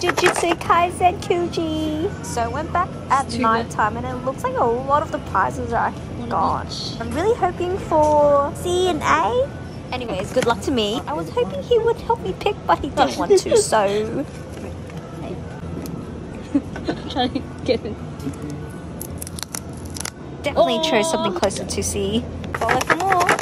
Jujutsu Kaisen Kyuji. So I went back at night time and it looks like a lot of the prizes are gone. I'm really hoping for C and A. Anyways, good luck to me. I was hoping he would help me pick, but he didn't want to, so... I'm trying to get it. Definitely oh. chose something closer to C. Follow for more.